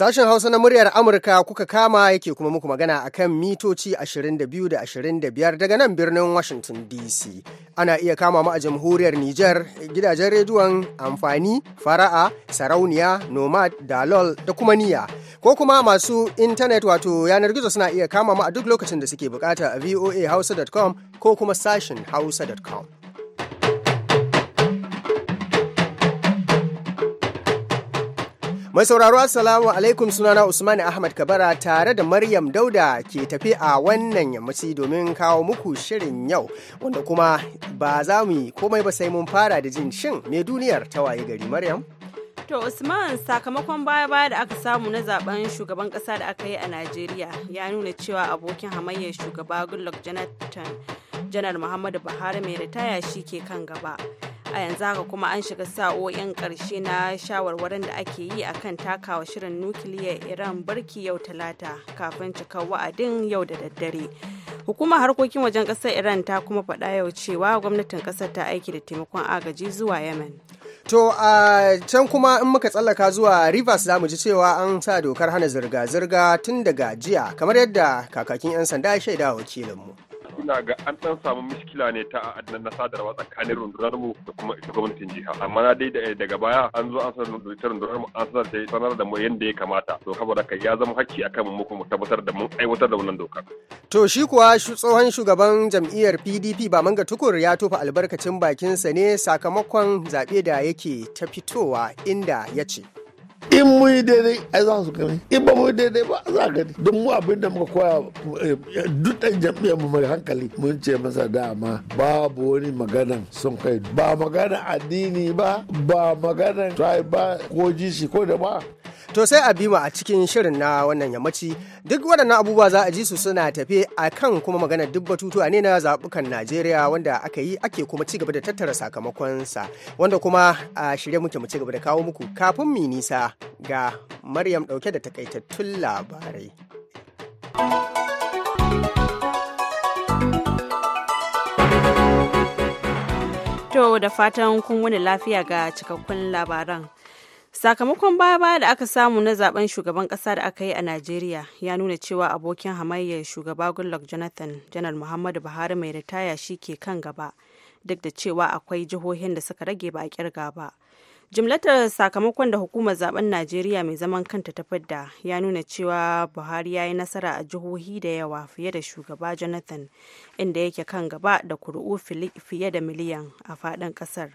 Sashen Hausa na muryar Amurka kuka kama yake kuma muku magana a kan mitoci 22 da 25 daga nan birnin Washington DC. Ana iya kama mu a jamhuriyar Nijar gidajen rediyon amfani, fara'a, sarauniya, nomad, dalol da kuma niya. Ko kuma masu intanet wato yanar gizo suna iya kama mu a duk lokacin da suke bukata a voahausa.com ko kuma sashen hausa.com. Mai sauraro Assalamu alaikum sunana Usman Ahmad Kabara tare da Maryam Dauda ke tafi a wannan yammaci domin kawo muku shirin yau wanda kuma ba za mu yi komai ba sai mun fara da jin shin me duniyar ta waye gari Maryam? To Usman sakamakon baya-baya da aka samu na zaben shugaban kasa da aka yi a Najeriya ya nuna cewa abokin hamayyar shugaba Goodluck Jonathan Janar Muhammadu Buhari mai ritaya shi ke kan gaba. a yanzu haka kuma an shiga sa'o'in ƙarshe na shawarwarin da ake yi a kan takawa shirin nukiliyar iran barki yau talata kafin cikar wa'adin yau da daddare hukumar harkokin wajen ƙasar iran ta kuma faɗa yau cewa gwamnatin ƙasar ta aiki da taimakon agaji zuwa yemen To a can kuma in muka tsallaka zuwa Rivers zamu ji cewa an sa dokar hana zirga-zirga tun daga jiya kamar yadda kakakin 'yan sanda ya shaida wakilinmu. ina ga an ɗan samu miskila ne ta adana na sadarwa tsakanin rundunar mu da kuma ita gwamnatin jiha amma na dai daga baya an zo an sanar da rundunar mu an sanar da sanar da mu yanda ya kamata to saboda kai ya zama hakki akan mu kuma tabbatar da mun aiwatar da wannan dokar to shi kuwa tsohon shugaban jam'iyyar PDP ba manga tukur ya tofa albarkacin bakinsa ne sakamakon zaɓe da yake ta fitowa inda ya ce in muyi yi daidai ai za su gani in ba muyi yi daidai ba za gani don mu abin da muka koya eh, duk ɗan jam'iyyar mu mai hankali mun ce masa dama babu wani magana sun kai ba magana addini ba ba magana tribe ba ko jishi ko da ba To sai a bima a cikin shirin na wannan yammaci duk waɗannan abubuwa za a ji su suna tafe a kan kuma magana duk batutuwa ne na zaɓukan Najeriya wanda aka yi ake kuma ci gaba da tattara sakamakonsa wanda kuma a shirya muke mu ci gaba da kawo muku kafin mi nisa ga Maryam ɗauke da takaitattun labarai. To da fatan kun wani lafiya ga cikakkun labaran. Sakamakon baya-baya da aka samu na zaben shugaban kasa da aka yi a Najeriya ya nuna cewa abokin hamayyar shugaba Goodluck Jonathan, Janar Muhammadu Buhari mai ritaya shi ke kan gaba, duk da cewa akwai jihohin da suka rage ba kirga ba. Jimlatar sakamakon da hukumar zaben Najeriya mai zaman kanta ta fadda, ya nuna cewa Buhari ya yi nasara a jihohi da yawa fiye da shugaba Jonathan, inda yake kan gaba da kuri'u fiye da miliyan a faɗin ƙasar.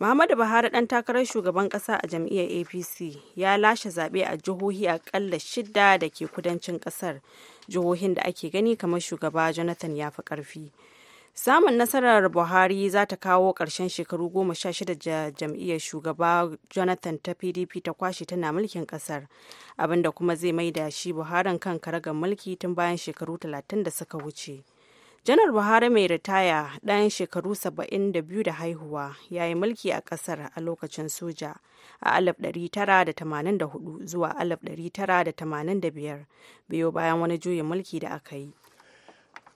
Muhammadu Buhari dan takarar shugaban kasa a jam'iyyar APC ya lashe zaɓe a jihohi a ƙalla shida da ke kudancin ƙasar jihohin da ake gani kamar shugaba Jonathan ya fi ƙarfi. Samun nasarar Buhari za ta kawo ƙarshen shekaru goma sha shida da jam'iyyar shugaba Jonathan ta PDP ta kwashe tana mulkin ƙasar, abinda kuma zai mai da shi Buharin kan karagar mulki tun bayan shekaru talatin da suka wuce. janar buhari mai ritaya ɗan shekaru 72 da haihuwa ya yi mulki a ƙasar a lokacin soja a 1984 zuwa 1985 biyo bayan wani juyin mulki da aka yi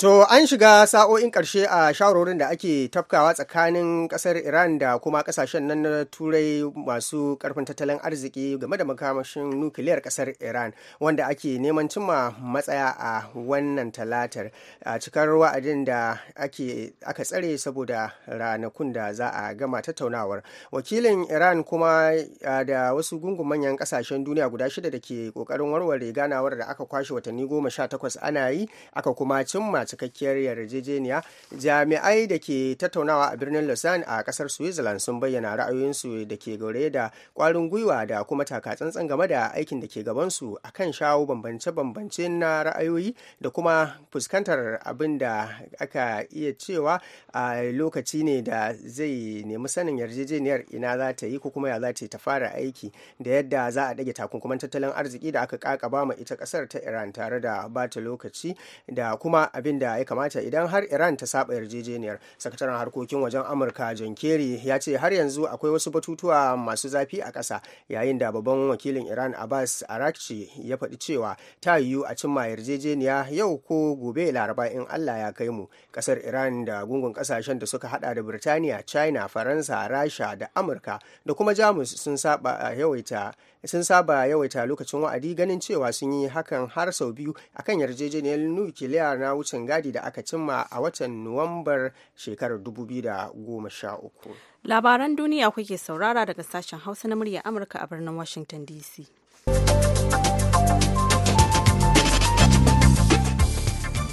To an shiga sa'o'in ƙarshe a shawarorin da ake tafkawa tsakanin ƙasar Iran da kuma ƙasashen nan na turai masu ƙarfin tattalin arziki game da makamashin nukiliyar ƙasar Iran wanda ake neman cimma matsaya a wannan talatar a cikar wa'adin da ake aka tsare saboda ranakun da za a gama tattaunawar. Wakilin Iran kuma da wasu gungun manyan ƙasashen duniya guda shida da ke ƙoƙarin warware ganawar da aka kwashe watanni goma sha takwas ana yi aka kuma cimma cikakkiyar yarjejeniya jami'ai da ke tattaunawa a birnin lausanne a kasar switzerland sun bayyana ra'ayoyinsu da ke gaure da kwarin gwiwa da kuma takatsantsan game da aikin da ke gabansu a kan shawo bambance-bambance na ra'ayoyi da kuma fuskantar abin da aka iya cewa a lokaci ne da zai nemi sanin yarjejeniyar ina za ta yi ko kuma ya za ta fara aiki da yadda za a dage takunkuman tattalin arziki da aka kakaba ma ita kasar ta iran tare da bata lokaci da kuma abin abin da ya kamata idan har iran ta saba yarjejeniyar sakataren harkokin wajen amurka john kerry ya ce har yanzu akwai wasu batutuwa masu zafi a ƙasa yayin da babban wakilin iran abbas arakci ya faɗi cewa ta yiwu a cimma yarjejeniya yau ko gobe laraba in allah ya kai mu ƙasar iran da gungun ƙasashen da suka hada da birtaniya china faransa rasha da amurka da kuma jamus sun saba yawaita sun saba yawaita lokacin wa'adi ganin cewa sun yi hakan har sau biyu akan yarjejeniyar nukiliya na wucin gadi da aka cimma a watan nuwambar shekarar 2013 labaran duniya kuke saurara daga sashen hausa na murya amurka a birnin washington dc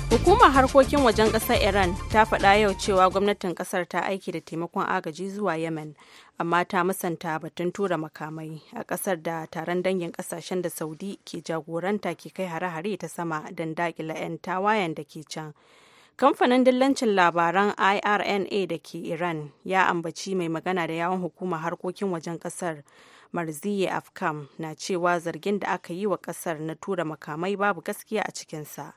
Hukumar harkokin wajen ƙasar Iran ta faɗa yau cewa gwamnatin ƙasar ta aiki da taimakon agaji zuwa Yemen, amma ta musanta batun tura makamai a ƙasar da taron dangin ƙasashen da Saudi ke jagoranta ke kai hare-hare ta sama don daƙila 'yan tawayen da ke can. Kamfanin dillancin labaran IRNA da ke Iran ya ambaci mai magana da yawon hukumar harkokin wajen ƙasar. Marziye Afkam na cewa zargin da aka yi wa ƙasar na tura makamai babu gaskiya a cikinsa.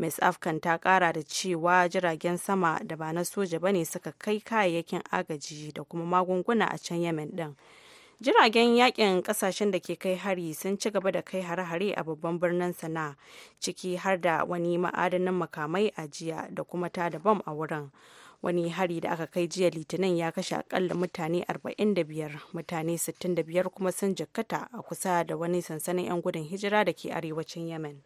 Ms. Afkan ta kara da cewa jiragen sama da ba na soja ba ne suka kai kayayyakin agaji da kuma magunguna a can Yemen din. Jiragen yakin kasashen da ke kai hari sun ci gaba da kai hare-hare a babban birnin sana ciki har da wani ma'adanin makamai a jiya da kuma ta da bam a wurin. Wani hari da aka kai jiya Litinin ya kashe akalla mutane 45, mutane 65 kuma sun jikkata a kusa da wani sansanin 'yan gudun hijira da ke arewacin Yemen.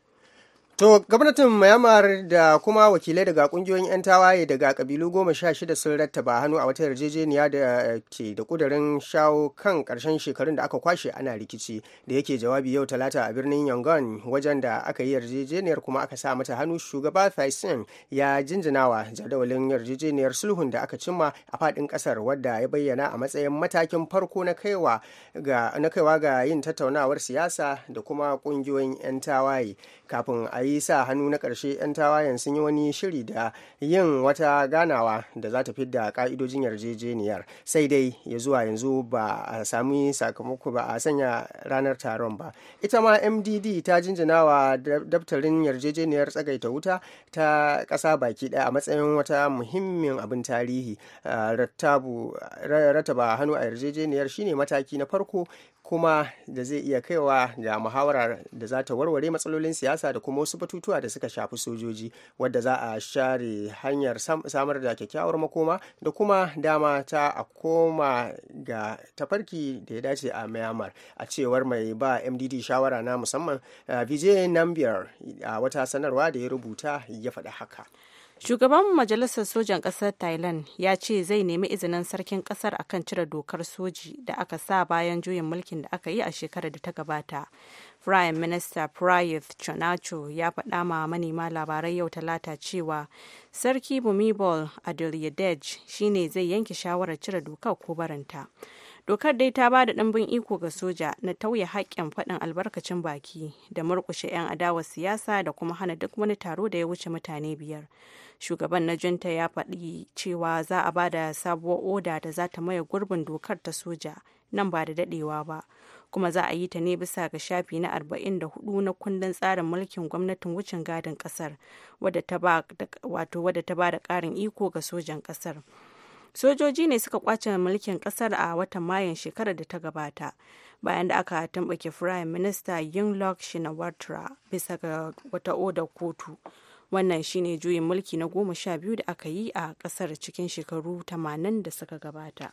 To gwamnatin Myanmar da kuma wakilai daga kungiyoyin 'yan tawaye daga kabilu goma sha shida sun rattaba hannu a wata yarjejeniya da eh, ke da kudarin shawo kan karshen shekarun da aka kwashe ana rikici da yake jawabi yau talata a birnin Yangon wajen da aka yi yarjejeniyar kuma aka sa mata hannu shugaba Thaisin ya jinjinawa jadawalin yarjejeniyar sulhun da aka cimma a fadin kasar wadda ya bayyana a matsayin matakin farko na kaiwa ga na kaiwa ga yin tattaunawar siyasa da kuma kungiyoyin 'yan tawaye kafin a yi sa hannu na ƙarshe 'yan tawayen sun yi wani shiri da yin wata ganawa da za ta fi da ƙa'idojin yarjejeniyar sai dai ya zuwa yanzu ba a sami sakamako ba a sanya ranar taron ba ita ma mdd ta jinjina wa daftarin yarjejeniyar tsagaita wuta ta ƙasa baki ɗaya a matsayin wata muhimmin abin tarihi rataba hannu a yarjejeniyar shine mataki na farko kuma da zai iya kaiwa da muhawarar da za ta warware matsalolin siyasa da kuma wasu batutuwa da suka shafi sojoji wadda za a share hanyar samar da kyakkyawar makoma da kuma dama ta a koma ga tafarki da ya dace a myanmar a cewar mai ba mdd shawara na musamman eh, vijay nambiar a wata sanarwa da ya rubuta ya faɗi haka shugaban majalisar sojan ƙasar thailand ya ce zai nemi izinin sarkin ƙasar akan cire dokar soji da aka sa bayan juyin mulkin da aka yi a shekarar da ta gabata prime minister prayuth chonacho ya faɗa ma manema labarai yau talata cewa sarki bumibol adulyadej shine zai yanke shawarar cire dokar ko barinta. dokar dai ta ba da ɗimbin iko ga soja na tauye haƙƙin faɗin albarkacin baki da murƙushe 'yan adawa siyasa da kuma hana duk wani taro da ya wuce mutane biyar shugaban na junta ya faɗi cewa za a ba da sabuwar oda da za ta maye gurbin dokar ta soja nan ba da daɗewa ba kuma za a yi ta ne bisa ga shafi na arba'in da hudu na kundin tsarin mulkin gwamnatin wucin gadin kasar wadda ta ba da ƙarin iko ga sojan kasar sojoji ne suka kwace mulkin kasar a watan mayan shekarar da ta gabata bayan da aka tambake firayim minista yingluck shinawatra bisa ga wata oda kotu wannan shine juyin mulki na goma sha biyu da aka yi a kasar cikin shekaru tamanin da suka gabata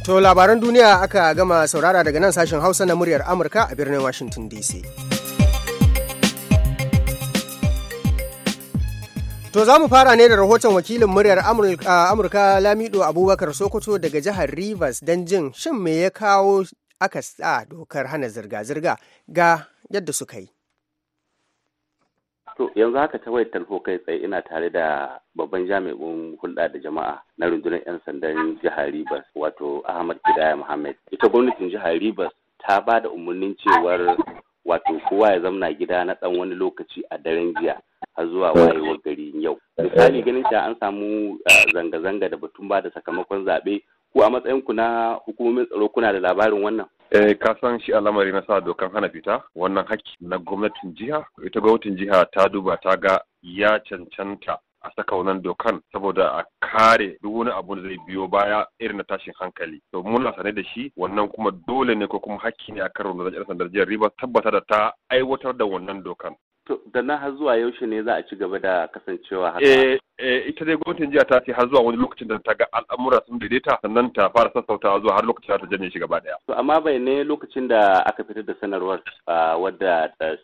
To labaran duniya aka gama saurara daga nan sashen Hausa na muryar Amurka a birnin Washington DC. To za mu fara ne da rahoton wakilin muryar Amurka Lamido Abubakar Sokoto daga jihar Rivers don jin shin me ya kawo aka sa dokar hana zirga-zirga ga yadda suka yi. To yanzu haka ta wayar talho kai tsaye ina tare da babban jami'in hulɗa da jama'a na rundunar 'yan sandan jihar Rivers wato Ahmad Kidaya Muhammad. Ita gwamnatin jihar Rivers ta ba da umarnin cewar wato kowa ya zamna gida na ɗan wani lokaci a daren jiya har zuwa wayewar gari yau. Misali ganin cewa an samu eh, zanga-zanga da batun ba da sakamakon zaɓe ko a matsayinku na hukumomin tsaro kuna da labarin wannan? Eh, ka san shi al'amari na sa dokan hana fita wannan haƙƙi na gwamnatin jiha ita gwamnatin jiha ta duba ta ga ya cancanta a saka wannan dokan saboda a kare duk wani abu da zai biyo baya irin na tashin hankali to na sane da shi wannan kuma dole ne ko kuma haƙƙi ne a karo da jihar sandar riba tabbata da ta aiwatar da wannan dokan To, da na har zuwa yaushe ne za a ci gaba da kasancewa haka? Eh, Eh, ita dai gwamnatin jiya ta ce har zuwa wani lokacin da ta ga al'amura sun daidaita sannan ta fara sassautawa zuwa har lokacin da ta janye shi gaba daya. To amma bai ne lokacin da aka fitar da sanarwar wadda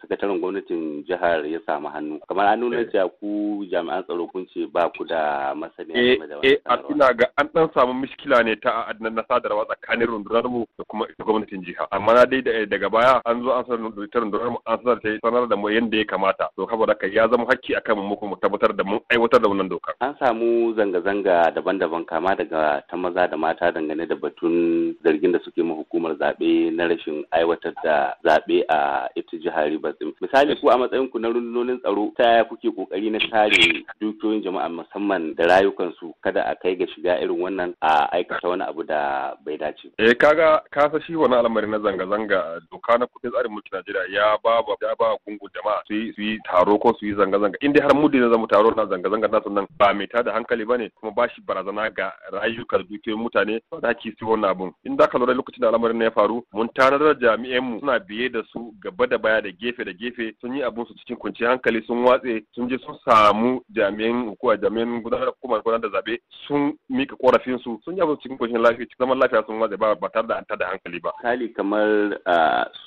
sakataren gwamnatin jihar ya samu hannu kamar an nuna eh. cewa ku jami'an tsaro kun ce ba ku da masaniya eh, game da wannan. Eh ina ga an dan samu miskila ne ta adnan na sadarwa tsakanin rundunar mu da kuma ita gwamnatin jiha amma na dai daga baya an zo an sanar da rundunar mu an sanar da mu yadda ya kamata to saboda ka ya zama hakki akan mu mu tabbatar da mun aiwatar da wannan wannan dokar. An samu zanga-zanga daban-daban kama daga ta maza da mata dangane da batun zargin da suke ma hukumar zaɓe na rashin aiwatar da zaɓe a ita jihar Ribas. Misali ku a matsayin ku na rundunonin tsaro ta yaya kuke kokari na kare dukiyoyin jama'a musamman da rayukansu kada a kai ga shiga irin wannan a aikata wani abu da bai dace. Eh kaga ka fa shi wani al'amari na zanga-zanga doka na kudin tsarin mulkin Najeriya ya ba ya ba gungun jama'a su yi taro ko su yi zanga-zanga inda har mudi na zamu taro na zanga-zanga na sannan ba mai tada hankali ba ne kuma ba shi barazana ga rayukan dukiyoyin mutane za ki siyo wannan abun in da ka lura lokacin da al'amarin ya faru mun tanar da mu suna biye da su gaba da baya da gefe da gefe sun yi abun su cikin kunci hankali sun watse sun je sun samu jami'an hukuma jami'an gudanar hukumar gudanar da zabe sun mika korafin su sun yi abun cikin kunci lafiya zaman lafiya sun watse ba tare da an tada hankali ba Hali kamar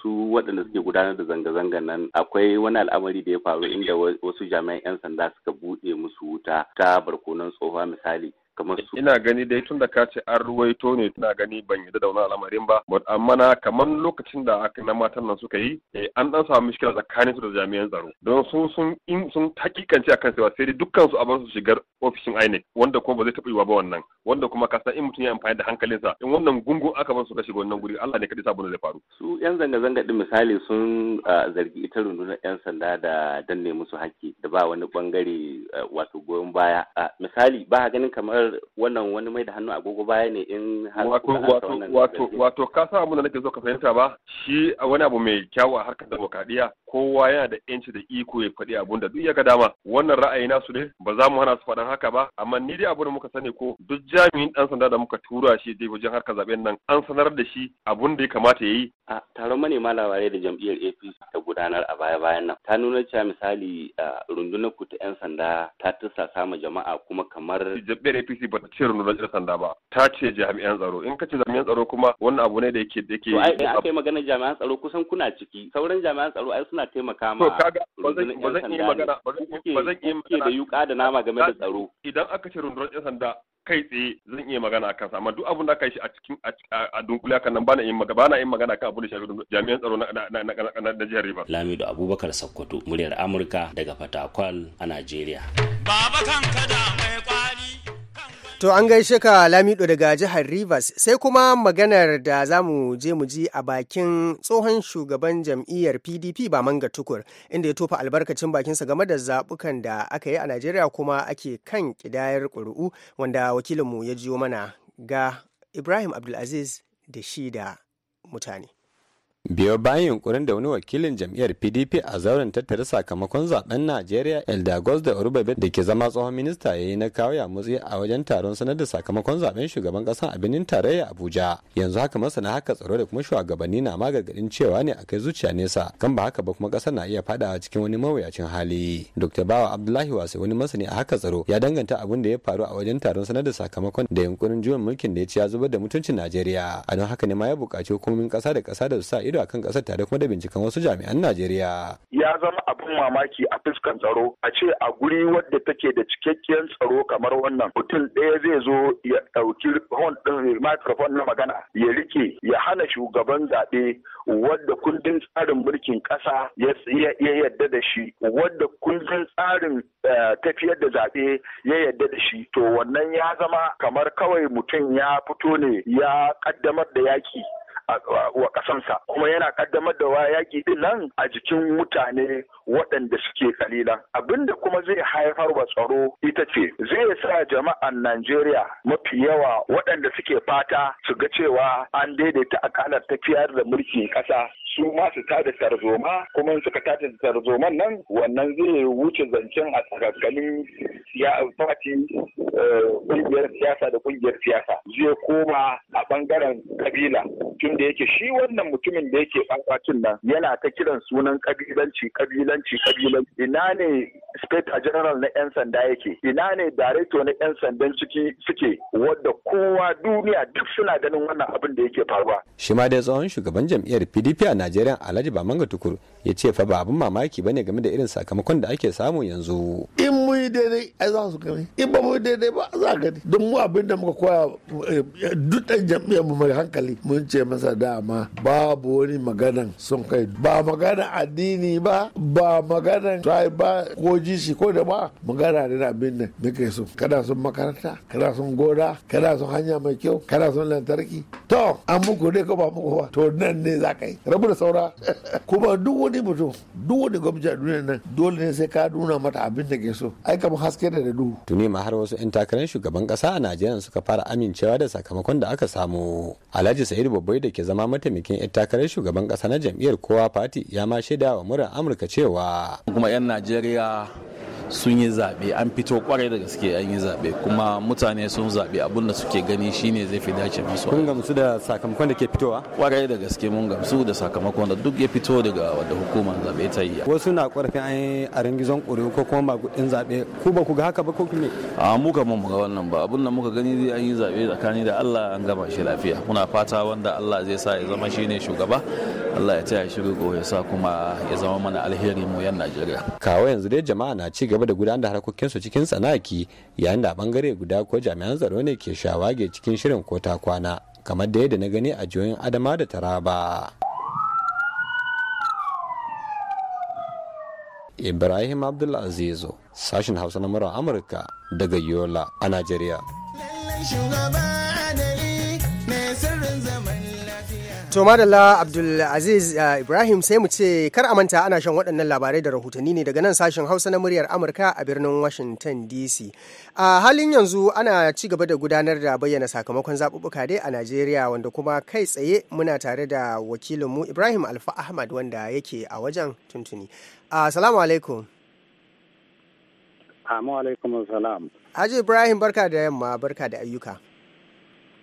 su waɗanda suke gudanar da zanga zanga nan akwai wani al'amari da ya faru inda wasu jami'an 'yan sanda suka buɗe musu wuta cuta ta barkonon tsohuwa misali kamar su ina gani dai tun da ka ce an ruwaito ne ina gani ban yadda da wani al'amarin ba amma na kamar lokacin da aka na matan nan suka yi eh, an dan samu mishkila tsakanin su da jami'an tsaro don sun sun in sun hakikance akan cewa sai dukkan su a bar su shigar ofishin INEC wanda kuma ba zai taɓa yiwa ba wannan wanda kuma ka san in mutum ya amfani da hankalinsa in wannan gungu aka bar su ka shiga wannan guri Allah ne kadai sabon da zai faru su yan zanga zanga din misali sun zargi ita rundunar yan sanda da danne musu haƙƙi da ba wani bangare wato goyon baya misali ba ganin kamar wannan wani mai da hannu agogo baya ne in har wato wato wato wato ka sa abin da nake so ka fahimta ba shi wani abu mai kyawu a harkar demokradiya kowa yana da yanci da iko ya faɗi abun da duk ya ga dama wannan ra'ayi nasu ne ba za mu hana su faɗan haka ba amma ni dai abun da muka sani ko duk jami'in dan sanda da muka tura shi dai wajen harkar zaben nan an sanar da shi abun da ya kamata ya yi a taron manema labarai da jam'iyyar APC ta gudanar a baya-bayan nan ta nuna cewa misali rundunar ku ta 'yan sanda ta tusa sama jama'a kuma kamar jam'iyyar APC ICC ba ta ce rundunar yan sanda ba ta ce jami'an tsaro in ka ce jami'an tsaro kuma wannan abu ne da yake da yake ai aka yi magana jami'an tsaro kusan kuna ciki sauran jami'an tsaro ai suna taimaka ma ba zan yi magana ba zan yi magana da yuka da nama game da tsaro idan aka ce rundunar yan sanda kai tsaye zan iya magana a kansa amma duk abin da aka yi shi a cikin a dunkule kan nan bana yin magana bana yin magana kan abin da shafi jami'an tsaro na jihar Rivers Lamido Abubakar Sokoto muryar Amurka daga Fatakwal a Najeriya Baba kan da mai To an gaishe ka Lamido daga jihar Rivers sai kuma maganar da za mu je mu ji a bakin tsohon shugaban jam'iyyar PDP ba manga tukur inda ya tofa albarkacin bakinsa game da zabukan da aka yi a Najeriya kuma ake kan kidayar ƙuri'u wanda wakilinmu ya jiyo mana ga Ibrahim Abdulaziz da shi da mutane. biyo bayan yunkurin da wani wakilin jam'iyyar pdp a zauren tattara sakamakon zaben najeriya eldagos da urbabe da ke zama tsohon minista ya yi na kawo ya mutsi a wajen taron sanar da sakamakon zaben shugaban kasa a birnin tarayya abuja yanzu haka masana haka tsaro da kuma shugabanni na magargadin cewa ne a kai zuciya nesa kan ba haka ba kuma kasar na iya fadawa cikin wani mawuyacin hali dr bawa abdullahi wasu wani masani a haka tsaro ya danganta abin da ya faru a wajen taron sanar da sakamakon da yunkurin juyin mulkin da ya ci ya zubar da mutuncin najeriya a don haka ne ma ya buƙaci hukumomin ƙasa da kasa da su sa ido ido akan kasar tare kuma da binciken wasu jami'an Najeriya. Ya zama abin mamaki a fuskan tsaro a ce a guri wadda take da cikakkiyar tsaro kamar wannan mutum ɗaya zai zo ya ɗauki horn ɗin microphone na magana ya rike ya hana shugaban zaɓe wadda kundin tsarin mulkin ƙasa ya yadda da shi wadda kundin tsarin eh, tafiyar da zaɓe ya yadda da shi to wannan ya zama kamar kawai mutum ya fito ne ya ƙaddamar da yaki wa kasansa kuma yana kaddamar da wa yaki din nan a jikin mutane waɗanda suke kalilan abinda kuma zai haifar wa tsaro ita ce zai sa jama'an Najeriya mafi yawa waɗanda suke fata su ga cewa an daidaita akalar tafiyar da mulkin ƙasa su ma tada tarzoma kuma in suka tada tarzoman nan wannan zai wuce zancen a tsakankanin fati eh, kungiyar siyasa da kungiyar siyasa zai koma a bangaren kabila tun da yake shi wannan mutumin da yake bankwacin nan yana ta kiran sunan kabilanci kabilanci kabilanci ina ne state a general na 'yan sanda yake ina ne director na 'yan sandan ciki suke wadda kowa duniya duk suna ganin wannan abin da yake faruwa shi ma dai tsohon shugaban jam'iyyar pdp a nigeria alhaji bamanga tukur ya ce fa ba abin mamaki bane game da irin sakamakon da ake samu yanzu in mu yi daidai a za su gani in ba mu yi daidai ba za gani don mu abin da muka koya eh, duk ɗan jam'iyyar mu mai hankali mun ce masa dama babu wani maganan sun kai ba maganan addini ba ba maganan tribe ba ko ji shi ko da ba magana da abin da nake so kada sun makaranta kada sun goda kada sun hanya mai kyau kada sun lantarki to an muku dai ko ba muku ba to nan ne za ka yi rabu da saura kuma duk wani mutum duk wani gwamnati a duniya nan dole ne sai ka nuna mata abin da ke so ai kamar haske da da duhu tuni ma har wasu yan takarar shugaban kasa a Najeriya suka fara amincewa da sakamakon da aka samu Alhaji Sa'idu Babbai da ke zama mataimakin yan takarar shugaban kasa na jam'iyyar kowa fati ya ma shaida wa murar Amurka cewa kuma yan Najeriya sun yi zaɓe an fito kwarai da gaske an yi zaɓe kuma mutane sun zaɓe abin da suke gani shine zai fi dace musu kun gamsu da sakamakon da ke fitowa kwarai da gaske mun gamsu da sakamakon da duk ya fito daga wadda hukumar zaɓe ta yi wasu na ƙorafin an yi a ringizon ƙuri'u ko kuma maguɗin zaɓe ku ba ku ga haka ba ko kuma a mu mun ga wannan ba abin da muka gani zai an yi zaɓe tsakani da Allah an gama shi lafiya muna fata wanda Allah zai sa ya zama shine shugaba Allah ya taya shi ya sa kuma ya zama mana alheri mu yan Najeriya kawo yanzu dai jama'a na ci gaba gaba da gudanar da harkokinsu cikin tsanaki yayin da bangare guda ko jami'an tsaro ne ke shawage cikin shirin ko ta kwana kamar da yadda na gani a jihohin adama da taraba ibrahim abdulazizu sashen hausa na murar amurka daga yola a najeriya To madalla Aziz uh, Ibrahim sai mu ce kar a manta ana shan waɗannan labarai da rahotanni ne daga nan sashen Hausa na muryar Amurka a birnin Washington DC. A halin yanzu ana ci gaba da gudanar da bayyana sakamakon zaɓuɓɓuka dai a Najeriya wanda kuma kai tsaye muna tare da wakilinmu Ibrahim Alfa Ahmad wanda yake a wajen tuntuni. Assalamu alaikum. Assalamu alaikum Haji Ibrahim barka da yamma barka da ayyuka.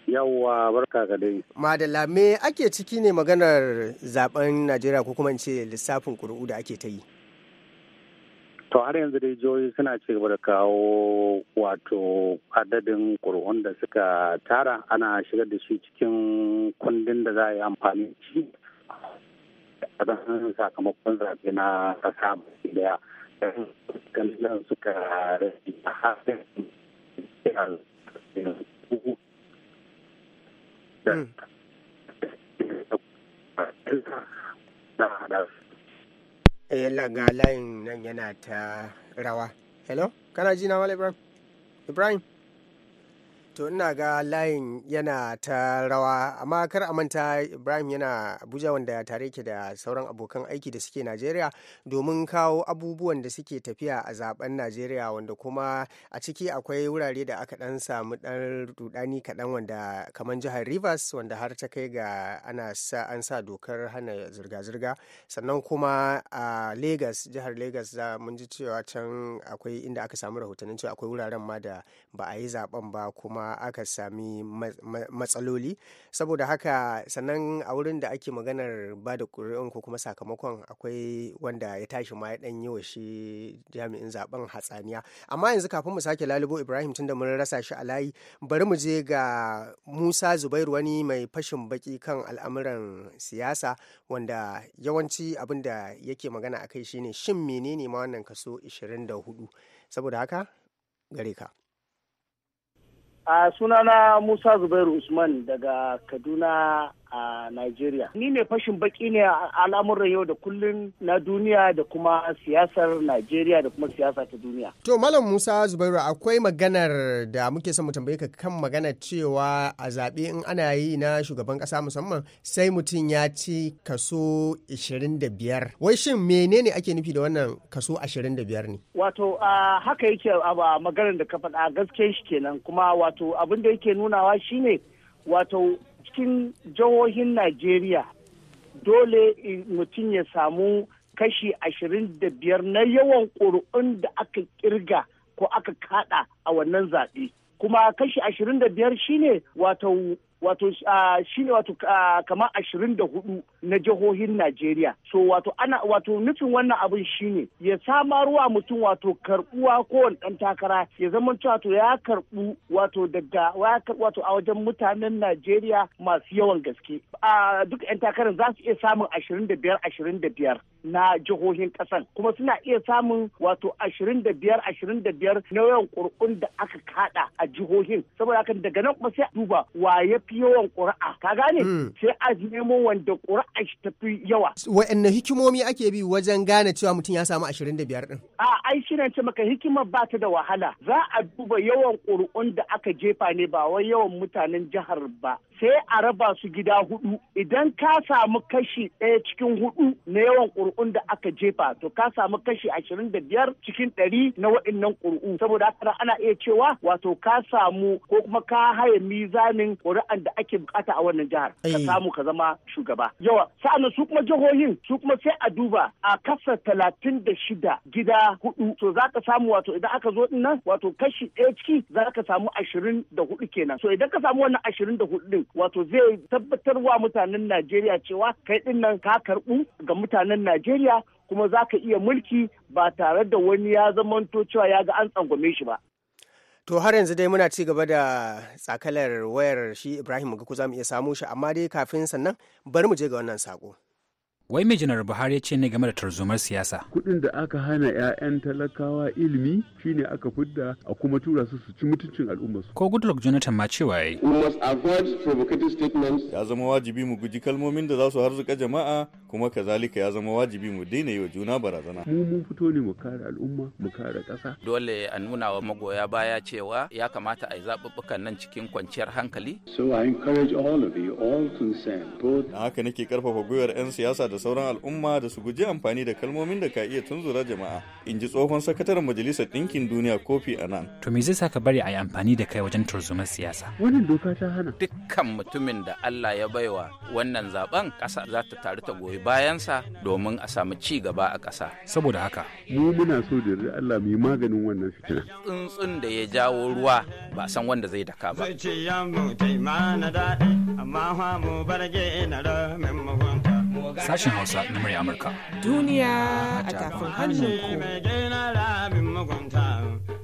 Yawwa barka ga dai. Madalla me ake ciki ne maganar zaben Najeriya ko kuma ce lissafin ƙuri'u da ake ta yi? To har yanzu dai jihohi suna ci gaba da kawo wato adadin ƙuri'un da suka tara ana shigar da su cikin kundin da za a yi amfani shi a sakamakon zaɓe na ƙasa daya. Kallon suka rage a uku. Eh, yalla ga layin nan yana ta rawa hello kana ji na ibrahim ibrahim to ina ga layin yana ta rawa amma kar a manta ibrahim yana abuja wanda tare ke da sauran abokan aiki da suke najeriya domin kawo abubuwan da suke tafiya a zaben najeriya wanda kuma a ciki akwai wurare da aka dan samu dan rudani kaɗan wanda kamar jihar rivers wanda har ta kai ga ana sa an sa dokar hana zirga-zirga sannan kuma a lagos jihar lagos za mun ji cewa can akwai inda aka samu rahotannin cewa akwai wuraren ma da ba a yi zaben ba kuma aka sami matsaloli saboda haka sannan a wurin da ake maganar ba da ƙuri'un ko kuma sakamakon akwai wanda ya tashi ma ya ɗan yi wa shi jami'in zaben hatsaniya amma yanzu kafin mu sake lalubo ibrahim tunda mun rasa shi a layi bari mu je ga musa zubairu wani mai fashin baki kan al'amuran siyasa wanda yawanci abin da yake magana akai shine shin menene ma wannan kaso 24 saboda haka gare ka a sunana musa zubairu usman daga kaduna a Najeriya. Ni ne fashin baki ne a al'amuran yau da kullun na duniya da kuma siyasar Najeriya da kuma siyasa ta duniya. To Malam Musa Zubairu akwai maganar da muke son mu tambaye ka kan magana cewa a zaɓe in ana yi na shugaban ƙasa musamman sai mutum ya ci kaso 25. Wai shin menene ake nufi da wannan kaso 25 ne? Wato haka yake a maganar da ka faɗa gaskiyar shi kenan kuma wato abin da yake nunawa shine wato cikin jihohin Najeriya dole mutum ya samu kashi ashirin da biyar na yawan ƙuri'un da aka kirga ko aka kada a wannan zaɓe. Kuma kashi ashirin da biyar shine wato wato ah, shi ne wato ah, kama ashirin da hudu na jihohin Najeriya. So wato ana wato nufin wannan abin shi ne ya samarwa mutum wato karbuwa wani ɗan takara ya zama wato ya karbu wato daga wato a wajen mutanen Najeriya masu yawan gaske. A ah, duk 'yan takarar za su iya samun ashirin da biyar ashirin da biyar na jihohin ƙasan kuma suna iya samun wato ashirin da biyar ashirin da biyar na yawan da aka kada a jihohin saboda haka daga nan kuma sai a duba waye fi yawan ƙuri'a ka gane hmm. sai a nemo wanda ƙuri'a shi ta fi yawa. Wa'anne hikimomi ake bi wajen gane cewa mutum ya samu ashirin da biyar ɗin? A ai shi ce maka hikimar ba ta da wahala za a duba yawan ƙuri'un da aka jefa ne ba wai yawan mutanen jihar ba sai a raba su gida hudu idan ka samu kashi ɗaya cikin hudu na yawan ƙuri'un da aka jefa to ka samu kashi ashirin da biyar cikin ɗari na waɗannan ƙuri'u saboda haka ana iya cewa wato ka samu ko kuma ka haye mizanin ƙuri'an da ake bukata a wannan jihar ka samu ka zama shugaba yawa sa'annan su kuma jihohin su kuma sai a duba a kasa talatin da shida gida hudu to za ka samu wato idan aka zo din nan wato kashi ɗaya ciki za ka samu ashirin da hudu kenan so idan ka samu wannan ashirin da hudu din wato zai tabbatar wa mutanen Najeriya cewa kai din nan ka karɓu ga mutanen Najeriya kuma za ka iya mulki ba tare da wani ya zamanto cewa ya ga an tsangwame shi ba. To har yanzu dai muna ci gaba da tsakalar wayar shi Ibrahim ga ku za mu iya samu shi amma dai kafin sannan bari mu je ga wannan sako. wai mai janar buhari ya ce ne game da tarzomar siyasa kudin da aka hana 'ya'yan talakawa ilimi shine aka fidda a kuma tura su su ci mutuncin al'umma ko goodluck jonathan ma cewa yayi ya zama wajibi mu guji kalmomin da za su harzuka jama'a kuma kazalika ya zama wajibi mu daina yi wa juna barazana mu mun fito ne mu kare al'umma mu kare ƙasa dole a nuna wa magoya baya cewa ya kamata a yi zaɓuɓɓukan nan cikin kwanciyar hankali so i encourage all of you all concerned both haka nake karfafa gwiwar 'yan siyasa da da sauran al'umma da su guji amfani da kalmomin da ka iya tunzura jama'a in ji tsohon sakataren majalisar ɗinkin duniya kofi a nan. to me zai saka bari a yi amfani da kai wajen turzumar siyasa wannan doka ta hana dukkan mutumin da Allah ya baiwa wannan zaben ƙasa za ta taru ta goyi bayansa domin a samu ci gaba a ƙasa saboda haka mu muna so da Allah mu maganin wannan fitina tsuntsun da ya jawo ruwa ba san wanda zai daka ba zai ce daɗi amma mu barge na ramin mugunta Sashen Hausa na murya Amurka. Duniya a tafin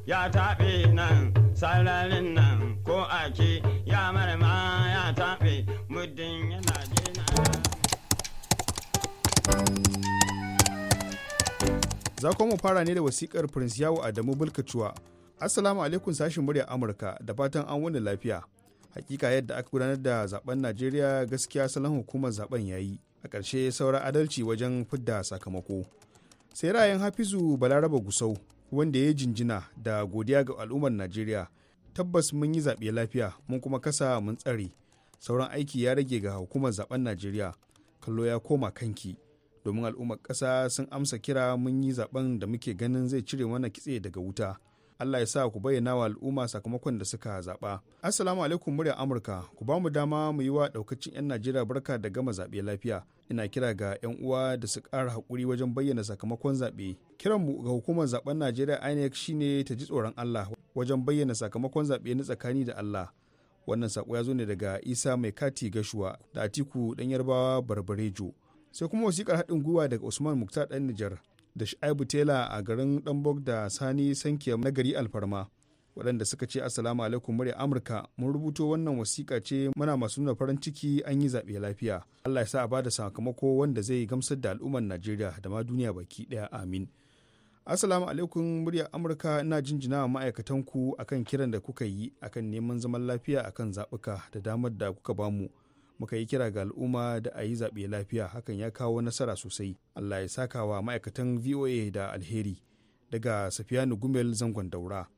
Ya taɓe nan, sararin nan, ko ake ya marma ya taɓe muddin yana Za mu fara ne da wasikar Prince Yawo Adamu Bulkacuwa. Assalamu alaikum sashin murya Amurka da fatan an wani lafiya. Hakika yadda aka gudanar da zaben Najeriya gaskiya salon hukumar zaben yayi. a ƙarshe saura adalci wajen fidda sakamako sai ra'ayin hafizu balaraba gusau wanda ya jinjina da godiya ga al'ummar najeriya tabbas mun yi zaɓe lafiya mun kuma kasa mun tsare sauran aiki ya rage ga hukumar zaɓen najeriya kallo ya koma kanki domin al'ummar ƙasa sun amsa kira mun yi zaben da muke ganin zai cire mana kitse daga wuta Allah ya sa ku bayyana wa al'umma sakamakon da suka zaɓa. Assalamu alaikum murya Amurka, ku ba mu dama mu yi wa ɗaukacin 'yan Najeriya barka da gama zaɓe lafiya. Ina kira ga 'yan uwa da su ƙara haƙuri wajen bayyana sakamakon zaɓe. Kiranmu ga hukumar zaɓen Najeriya INEC shine ta ji tsoron Allah wajen bayyana sakamakon zaɓe na tsakani da Allah. Wannan saƙo ya zo ne daga Isa Mai Kati Gashuwa da Atiku Ɗan Yarbawa Barbarejo. Sai kuma wasiƙar haɗin gwiwa daga Usman Muktar Ɗan Nijar. da Sha'ibu Tela a garin Dambok da Sani Sankiya na gari Alfarma. waɗanda suka ce assalamu alaikum murya amurka mun rubuto wannan wasiƙa ce muna masu nuna farin ciki an yi zaɓe lafiya allah ya sa a bada sakamako wanda zai gamsar da al'ummar najeriya da ma duniya baki ɗaya amin assalamu alaikum murya amurka ina jinjina wa ma'aikatan ku akan kiran da kuka yi akan neman zaman lafiya akan zaɓuka da damar da kuka bamu muka yi kira ga al'umma da a yi zaɓe lafiya hakan ya kawo nasara sosai allah ya saka wa ma'aikatan voa da alheri daga safiyanu gumel zangon daura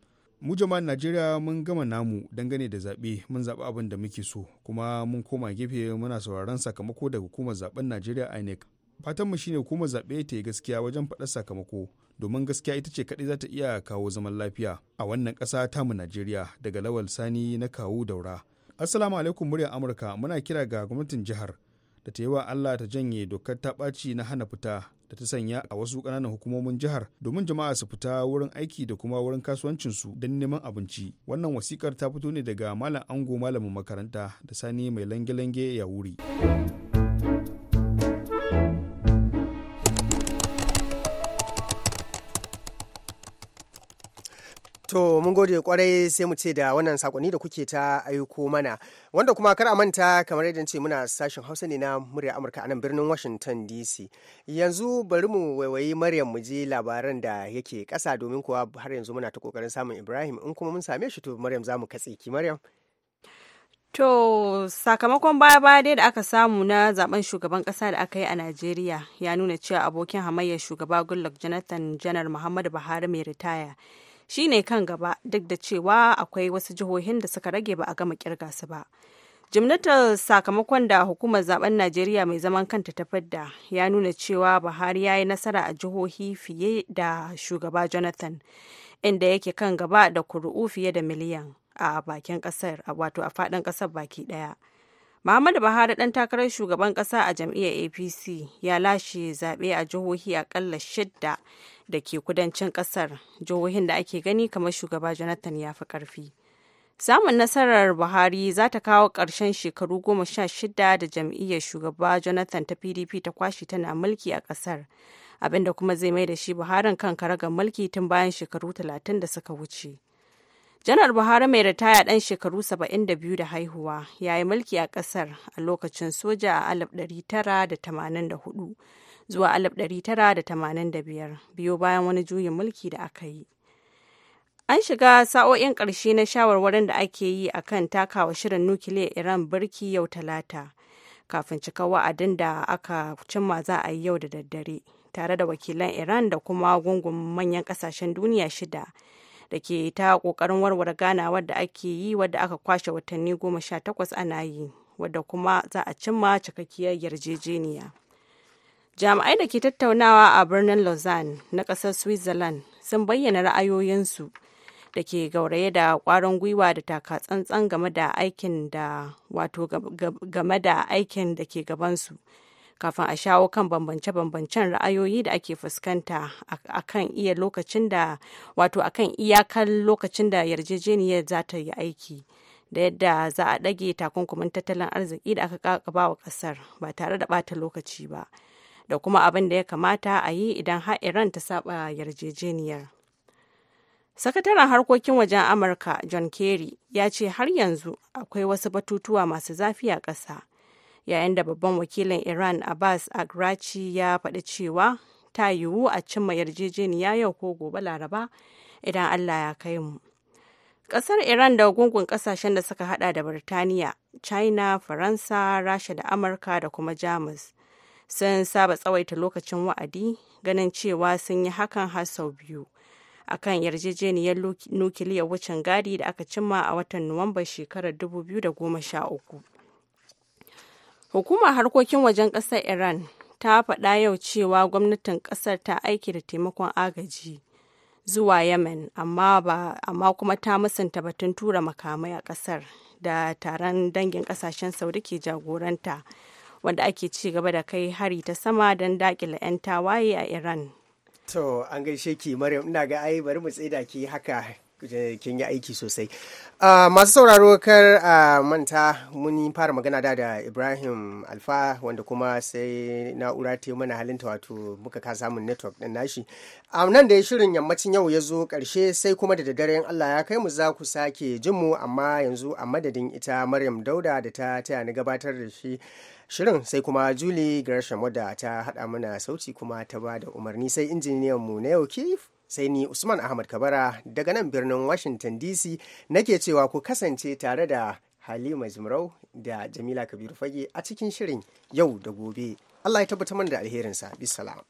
mu jama'an najeriya mun gama namu dangane da zaɓe mun zaɓi abin da muke so kuma mun koma gefe muna sauraron sakamako daga hukumar zaɓen najeriya inec fatan mu shine hukumar zaɓe ta yi gaskiya wajen faɗar sakamako domin gaskiya ita ce kaɗai za ta iya kawo zaman lafiya a wannan ƙasa tamu najeriya daga lawal sani na kawu daura Assalamu alaikum muryar Amurka muna kira ga gwamnatin jihar da ta yi wa Allah ta janye dokar ta ɓaci na hana fita da ta sanya a wasu ƙananan hukumomin jihar domin jama'a su fita wurin aiki da kuma wurin kasuwancinsu don neman abinci. Wannan wasikar ta fito ne daga Malam Ango Malamin makaranta da Sani mai lange-lange ya wuri. To mun gode kwarai sai mu ce da wannan sakonni da kuke ta aiko mana wanda kuma kar a manta kamar yadda ce muna sashen Hausa ne na murya Amurka a nan birnin Washington DC. Yanzu bari mu waiwayi Maryam mu je labaran da yake kasa domin kuwa har yanzu muna ta kokarin samun Ibrahim in kuma mun same shi to Maryam za mu katse ki Maryam. To sakamakon baya baya dai da aka samu na zaben shugaban kasa da aka yi a Najeriya ya nuna cewa abokin hamayyar shugaba Goodluck Jonathan Janar Muhammadu Buhari mai ritaya shine kan gaba duk da cewa akwai wasu jihohin da suka rage ba a gama kirga su ba jimnatar sakamakon da hukumar zaben najeriya mai zaman kanta ta fadda ya nuna cewa buhari ya yi nasara a jihohi fiye da shugaba jonathan inda yake kan gaba da kuri'u fiye da miliyan a bakin kasar wato a faɗin kasar baki ɗaya. Muhammadu Buhari ɗan takarar shugaban ƙasa a jam'iyyar APC ya lashe zaɓe a jihohi akalla shidda da ke kudancin ƙasar jihohin da ake gani kamar shugaba Jonathan ya fi ƙarfi. Samun nasarar Buhari za ta kawo ƙarshen shekaru goma sha shidda da jam'iyyar shugaba Jonathan ta PDP ta kwashe tana mulki a ƙasar, abinda kuma zai mai da shi Buharin kan karagar mulki tun bayan shekaru talatin da suka wuce. janar buhari mai ritaya dan shekaru 72 da haihuwa ya yi mulki a kasar a lokacin soja a 1984 zuwa 1985 biyo bayan wani juyin mulki da aka yi an shiga sa'o'in ƙarshe na shawarwarin da ake yi a kan takawa shirin nukiliyar iran birki yau talata kafin cika wa'adin da aka cimma za a yi yau da daddare tare da wakilan iran da kuma gungun manyan ƙasashen duniya shida da ke ta kokarin warware ganawar da ake yi wadda aka kwashe watanni goma sha takwas ana yi wadda kuma za a cimma cikakkiyar yarjejeniya jami'ai da ke tattaunawa a birnin lausanne na kasar switzerland sun bayyana ra'ayoyinsu da ke gauraye da kwarin gwiwa da tsantsan game da aikin da wato game da aikin da ke gabansu kafin a shawo kan bambance-bambancen ra'ayoyi da ake fuskanta akan iya lokacin da wato akan iyakar lokacin da yarjejeniyar za ta yi aiki da yadda za a ɗage takunkumin tattalin arziki da aka kakaba wa ƙasar ba tare da ɓata lokaci ba da kuma abin da ya kamata a yi idan har ta saba yarjejeniyar sakataren harkokin wajen amurka john kerry ya ce har yanzu akwai wasu batutuwa masu zafi a ƙasa yayin da babban wakilin iran abbas agrachi ya faɗi cewa ta yiwu a cimma yarjejeniya yau ko gobe laraba idan allah ya kai mu ƙasar iran da gungun ƙasashen da suka hada da birtaniya china faransa rasha da amurka da kuma jamus sun saba tsawaita lokacin wa'adi ganin cewa sun yi hakan har sau biyu a kan yarjejeniyar nukiliyar wucin gadi da aka cimma a watan nuwamba shekarar 2013 Hukumar harkokin wajen ƙasar Iran ta faɗa yau cewa gwamnatin ƙasar ta aiki da taimakon agaji zuwa Yemen, amma, ba, amma kuma ta musanta batun tura makamai a ƙasar da taron dangin ƙasashen Saudi ke jagoranta, wanda ake ci gaba da kai hari ta sama don daƙila 'yan tawaye a Iran. To, an gaishe ki Maryam ina ga ai bari mu tsida ki haka Eh, kin yi aiki sosai ah, masu sauraro kar a ah, manta mun fara magana da da ibrahim alfa wanda kuma sai na'ura ta mana halinta wato muka ka samun network din nashi a ah, nan da shirin yammacin yau ya zo karshe sai kuma da daddaren allah ya kai mu za ku sake jin mu amma yanzu a madadin ita maryam dauda da ta taya ni gabatar da shi shirin sai kuma julie gresham wadda ta haɗa mana sauti kuma ta ba da umarni sai injiniyan mu na yau kif sai ni Usman Ahmad Kabara daga nan birnin Washington DC nake cewa ku kasance tare da Halima Jimrau da Jamila Kabiru Fage a cikin shirin yau da gobe. Allah ya tabbatar da alherinsa. Bisalam.